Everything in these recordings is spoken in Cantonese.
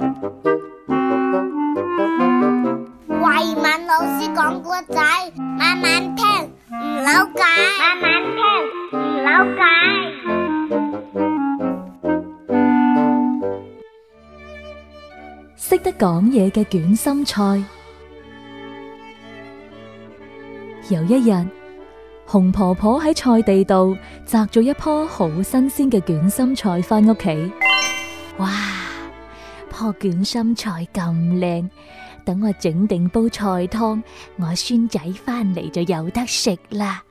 慧敏老師講古仔，慢慢聽，唔扭計；慢慢聽，唔扭計。識得講嘢嘅捲心菜。有一日，紅婆婆喺菜地度摘咗一棵好新鮮嘅捲心菜返屋企。哇！棵卷心菜咁靚，等我整定煲菜湯，我孫仔翻嚟，就有得食啦。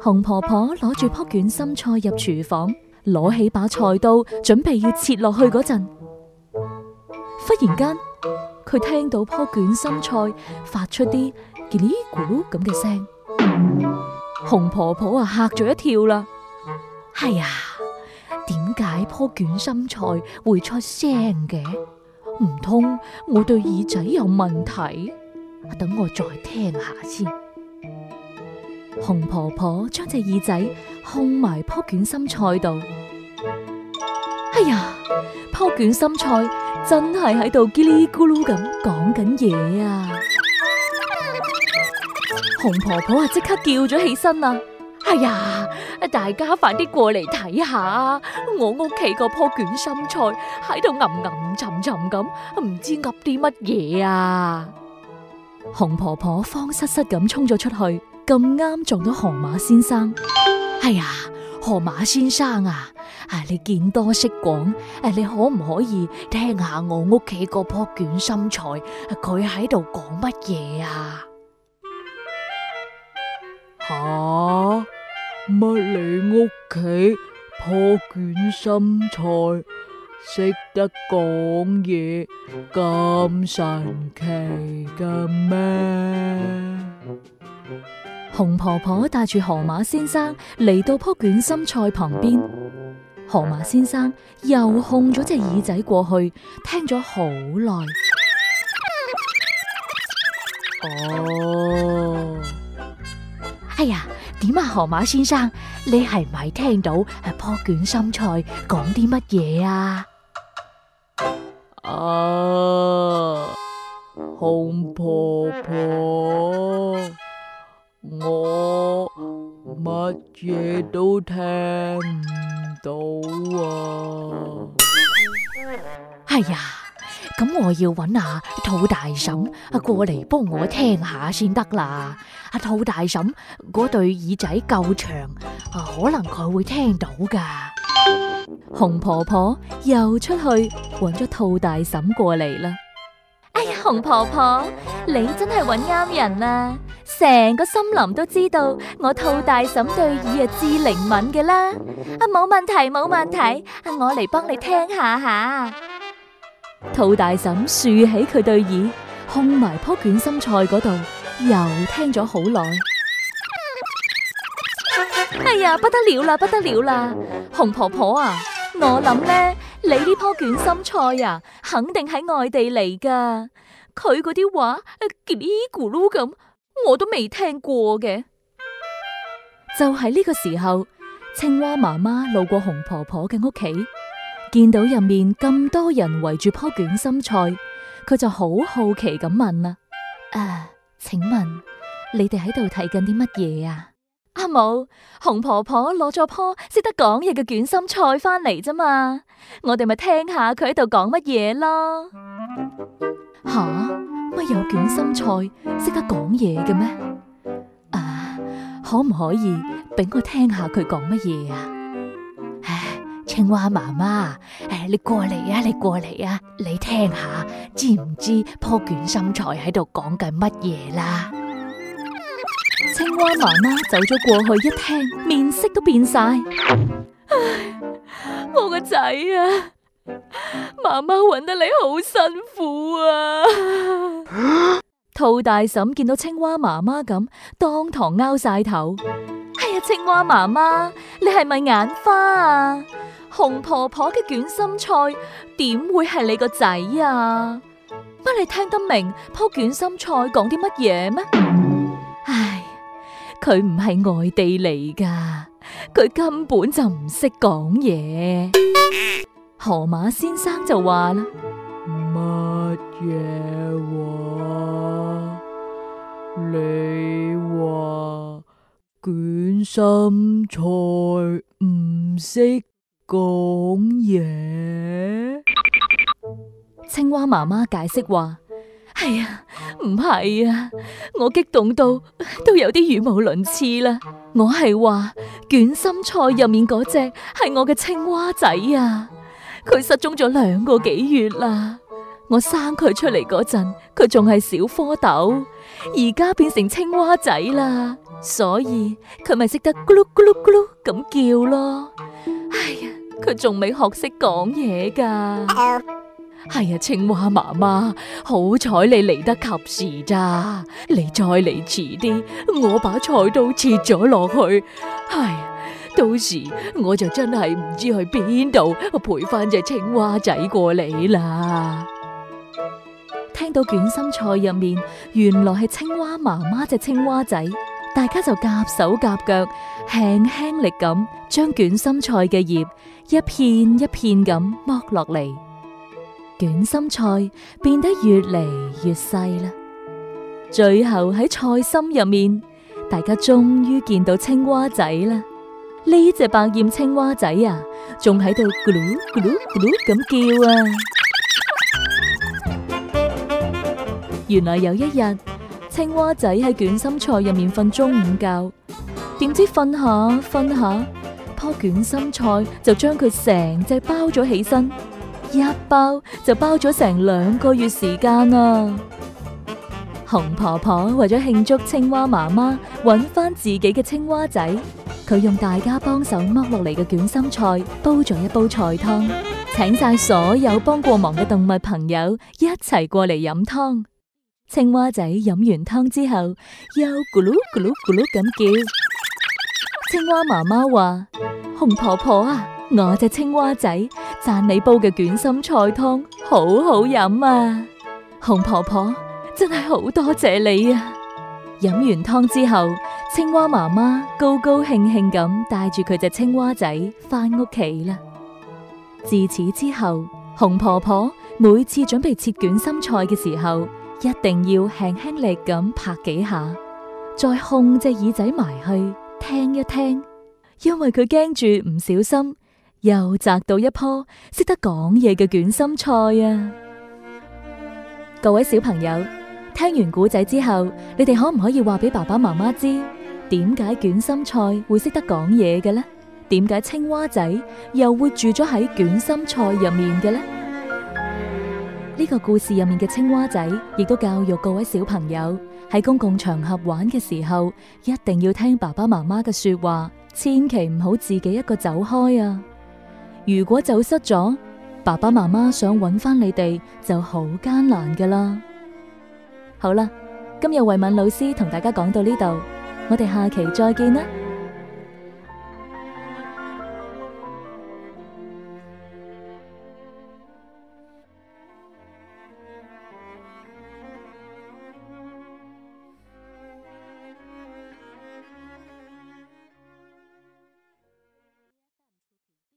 紅婆婆攞住棵卷心菜入廚房，攞起把菜刀，準備要切落去嗰陣，忽然間佢聽到棵卷心菜發出啲嘰嘰咕咕咁嘅聲，紅婆婆啊，嚇咗一跳啦！係啊。解棵卷心菜會出聲嘅，唔通我對耳仔有問題？等我再聽下先。紅婆婆將隻耳仔控埋棵卷心菜度。哎呀，棵卷心菜真係喺度嘰里咕嚕咁講緊嘢啊！紅婆婆啊，即刻叫咗起身啦！哎呀！大家快啲過嚟睇下，我屋企嗰棵卷心菜喺度吟吟沉沉咁，唔知噏啲乜嘢啊！紅婆婆慌失失咁衝咗出去，咁啱撞到河馬先生。哎呀，河馬先生啊，啊你見多識廣，誒你可唔可以聽下我屋企嗰棵卷心菜，佢喺度講乜嘢啊？好。乜，你屋企鋪卷心菜識得講嘢，咁神奇㗎咩？紅婆婆帶住河馬先生嚟到鋪卷心菜旁邊，河馬先生又控咗隻耳仔過去聽咗好耐。哦，哎呀！點啊，河馬先生，你係咪聽到阿棵卷心菜講啲乜嘢啊？啊，紅婆婆，我乜嘢都聽唔到啊！哎呀！咁我要揾下兔大嬸啊，過嚟幫我聽下先得啦。阿兔大嬸嗰對耳仔夠長啊，可能佢會聽到噶。熊婆婆又出去揾咗兔大嬸過嚟啦。哎呀，熊婆婆你真係揾啱人啦啊！成個森林都知道我兔大嬸對耳啊至靈敏嘅啦。啊，冇問題冇問題，啊我嚟幫你聽下吓。兔大嬸豎起佢對耳，控埋棵卷心菜嗰度，又聽咗好耐。哎呀，不得了啦，不得了啦！紅婆婆啊，我諗咧，你呢棵卷心菜啊，肯定喺外地嚟噶。佢嗰啲話嘰哩、呃、咕嚕咁，我都未聽過嘅。就喺呢個時候，青蛙媽媽路過紅婆婆嘅屋企。見到入面咁多人圍住棵卷心菜，佢就好好奇咁問啦：誒、啊，請問你哋喺度睇緊啲乜嘢啊？阿母、啊，紅婆婆攞咗棵識得講嘢嘅卷心菜翻嚟啫嘛，我哋咪聽下佢喺度講乜嘢咯？吓、啊，乜有卷心菜識得講嘢嘅咩？啊，可唔可以俾我聽下佢講乜嘢啊？青蛙媽媽，誒，你過嚟啊！你過嚟啊！你聽下，知唔知棵卷心菜喺度講緊乜嘢啦？青蛙媽媽走咗過去，一聽面色都變晒。唉，我個仔啊，媽媽揾得你好辛苦啊！兔大嬸見到青蛙媽媽咁，當堂拗晒頭。哎呀，青蛙媽媽，你係咪眼花啊？紅婆婆嘅卷心菜點會係你個仔啊？乜你聽得明鋪卷心菜講啲乜嘢咩？ 唉，佢唔係外地嚟噶，佢根本就唔識講嘢。河 馬先生就話啦：乜嘢話？你話卷心菜唔識？講嘢，青蛙媽媽解釋話：哎呀，唔係啊，我激動到都有啲語無倫次啦。我係話捲心菜入面嗰隻係我嘅青蛙仔啊，佢失蹤咗兩個幾月啦。我生佢出嚟嗰陣，佢仲係小蝌蚪，而家變成青蛙仔啦，所以佢咪識得咕嚕咕嚕咕嚕咁叫咯。哎呀，佢仲未學識講嘢噶。哎呀，青蛙媽媽，好彩你嚟得及時咋。你再嚟遲啲，我把菜刀切咗落去。哎呀，到時我就真係唔知去邊度陪翻隻青蛙仔過嚟啦。聽到捲心菜入面，原來係青蛙媽媽隻青蛙仔。大家就夾手夾腳，輕輕力咁將卷心菜嘅葉一片一片咁剝落嚟，卷心菜變得越嚟越細啦。最後喺菜心入面，大家終於見到青蛙仔啦！呢隻百厭青蛙仔啊，仲喺度咕嚕咕嚕咕嚕咁叫啊！原來有一日。青蛙仔喺卷心菜入面瞓中午覺，點知瞓下瞓下，樖卷心菜就將佢成隻包咗起身，一包就包咗成兩個月時間啦、啊！紅婆婆為咗慶祝青蛙媽媽揾翻自己嘅青蛙仔，佢用大家幫手剝落嚟嘅卷心菜煲咗一煲菜湯，請晒所有幫過忙嘅動物朋友一齊過嚟飲湯。青蛙仔飲完湯之後，又咕嚕咕嚕咕嚕咁叫。青蛙媽媽話：紅婆婆啊，我隻青蛙仔讚你煲嘅捲心菜湯好好飲啊！紅婆婆真係好多謝你啊！飲完湯之後，青蛙媽媽高高興興咁帶住佢隻青蛙仔翻屋企啦。自此之後，紅婆婆每次準備切捲心菜嘅時候，一定要輕輕力咁拍幾下，再控隻耳仔埋去聽一聽，因為佢驚住唔小心又摘到一棵識得講嘢嘅捲心菜啊！ 各位小朋友，聽完古仔之後，你哋可唔可以話俾爸爸媽媽知點解捲心菜會識得講嘢嘅呢？點解青蛙仔又會住咗喺捲心菜入面嘅呢？呢個故事入面嘅青蛙仔，亦都教育各位小朋友喺公共場合玩嘅時候，一定要聽爸爸媽媽嘅說話，千祈唔好自己一個走開啊！如果走失咗，爸爸媽媽想揾翻你哋就好艱難㗎啦。好啦，今日慧敏老師同大家講到呢度，我哋下期再見啦。